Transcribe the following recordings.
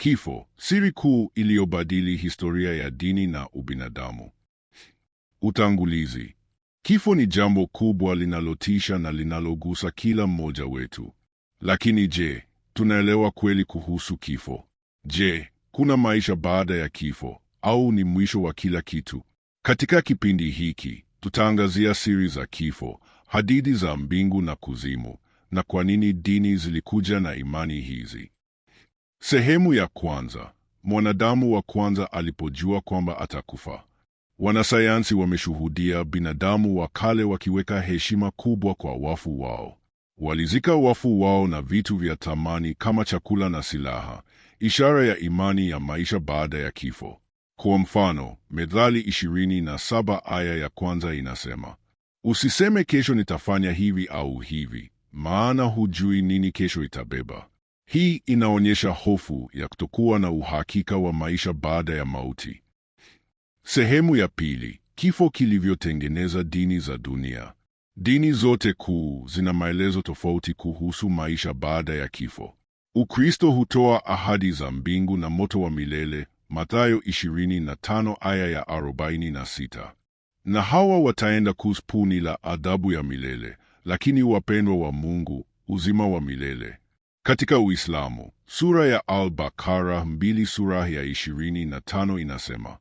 Kifo, siri kuu iliyobadili historia ya dini na ubinadamu. Utangulizi. Kifo ni jambo kubwa linalotisha na linalogusa kila mmoja wetu. Lakini je, tunaelewa kweli kuhusu kifo? Je, kuna maisha baada ya kifo au ni mwisho wa kila kitu? Katika kipindi hiki tutaangazia siri za kifo, hadithi za mbingu na kuzimu, na kwa nini dini zilikuja na imani hizi. Sehemu ya kwanza: mwanadamu wa kwanza alipojua kwamba atakufa. Wanasayansi wameshuhudia binadamu wa kale wakiweka heshima kubwa kwa wafu wao. Walizika wafu wao na vitu vya thamani kama chakula na silaha, ishara ya imani ya maisha baada ya kifo. Kwa mfano, Methali 27 aya ya kwanza inasema, usiseme kesho nitafanya hivi au hivi, maana hujui nini kesho itabeba. Hii inaonyesha hofu ya kutokuwa na uhakika wa maisha baada ya mauti. Sehemu ya pili: kifo kilivyotengeneza dini za dunia. Dini zote kuu zina maelezo tofauti kuhusu maisha baada ya kifo. Ukristo hutoa ahadi za mbingu na moto wa milele, Mathayo 25 aya ya 46, na hawa wataenda kuspuni la adhabu ya milele, lakini wapendwa wa Mungu, uzima wa milele. Katika Uislamu, sura ya Al-Baqara mbili sura ya ishirini na tano inasema,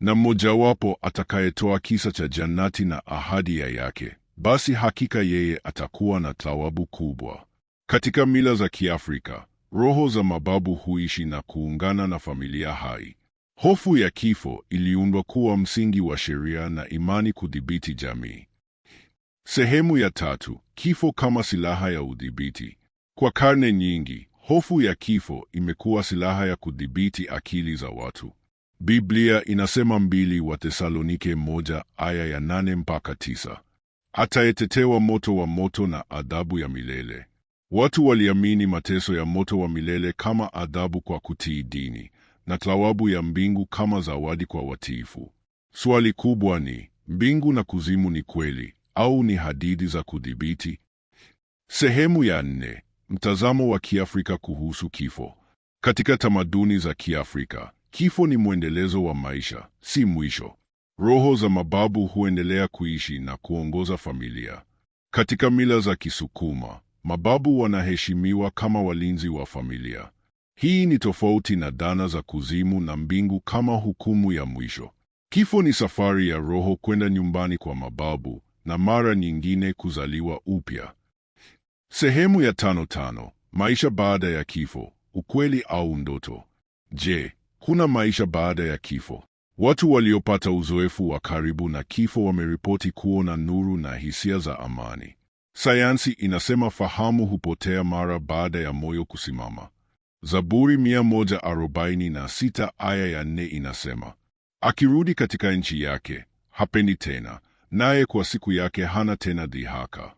na mmojawapo atakayetoa kisa cha jannati na ahadi ya yake, basi hakika yeye atakuwa na thawabu kubwa. Katika mila za Kiafrika, roho za mababu huishi na kuungana na familia hai. Hofu ya kifo iliundwa kuwa msingi wa sheria na imani kudhibiti jamii. Sehemu ya tatu: kifo kama silaha ya udhibiti. Kwa karne nyingi, hofu ya kifo imekuwa silaha ya kudhibiti akili za watu. Biblia inasema mbili wa Thesalonike moja aya ya nane mpaka tisa atayetetewa moto wa moto na adhabu ya milele. Watu waliamini mateso ya moto wa milele kama adhabu kwa kutii dini na thawabu ya mbingu kama zawadi kwa watiifu. Swali kubwa ni mbingu na kuzimu ni kweli au ni hadithi za kudhibiti? Sehemu ya nne: Mtazamo wa Kiafrika kuhusu kifo. Katika tamaduni za Kiafrika, kifo ni mwendelezo wa maisha, si mwisho. Roho za mababu huendelea kuishi na kuongoza familia. Katika mila za Kisukuma, mababu wanaheshimiwa kama walinzi wa familia. Hii ni tofauti na dhana za kuzimu na mbingu kama hukumu ya mwisho. Kifo ni safari ya roho kwenda nyumbani kwa mababu na mara nyingine kuzaliwa upya. Sehemu ya tano tano: maisha baada ya kifo, ukweli au ndoto? Je, kuna maisha baada ya kifo? Watu waliopata uzoefu wa karibu na kifo wameripoti kuona nuru na hisia za amani. Sayansi inasema fahamu hupotea mara baada ya moyo kusimama. Zaburi 146 aya ya 4 inasema, akirudi katika nchi yake hapendi tena, naye kwa siku yake hana tena dhihaka.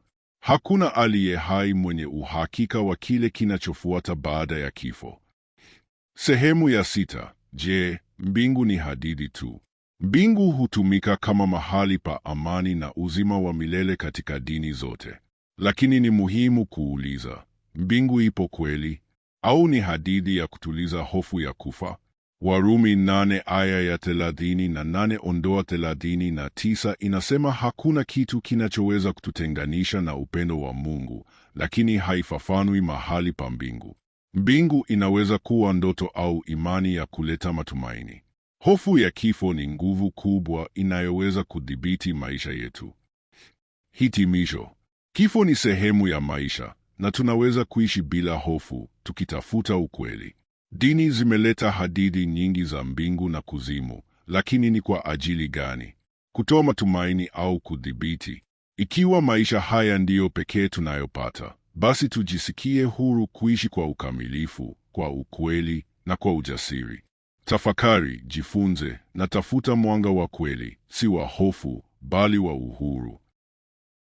Hakuna aliye hai mwenye uhakika wa kile kinachofuata baada ya kifo. Sehemu ya sita. Je, mbingu ni hadithi tu? Mbingu hutumika kama mahali pa amani na uzima wa milele katika dini zote, lakini ni muhimu kuuliza, mbingu ipo kweli au ni hadithi ya kutuliza hofu ya kufa? Warumi nane aya ya thelathini na nane ondoa thelathini na tisa inasema hakuna kitu kinachoweza kututenganisha na upendo wa Mungu, lakini haifafanwi mahali pa mbingu. Mbingu inaweza kuwa ndoto au imani ya kuleta matumaini. Hofu ya kifo ni nguvu kubwa inayoweza kudhibiti maisha yetu. Hitimisho: kifo ni sehemu ya maisha na tunaweza kuishi bila hofu, tukitafuta ukweli. Dini zimeleta hadithi nyingi za mbingu na kuzimu, lakini ni kwa ajili gani? Kutoa matumaini au kudhibiti? Ikiwa maisha haya ndiyo pekee tunayopata, basi tujisikie huru kuishi kwa ukamilifu, kwa ukweli na kwa ujasiri. Tafakari, jifunze na tafuta mwanga wa kweli, si wa hofu, bali wa uhuru.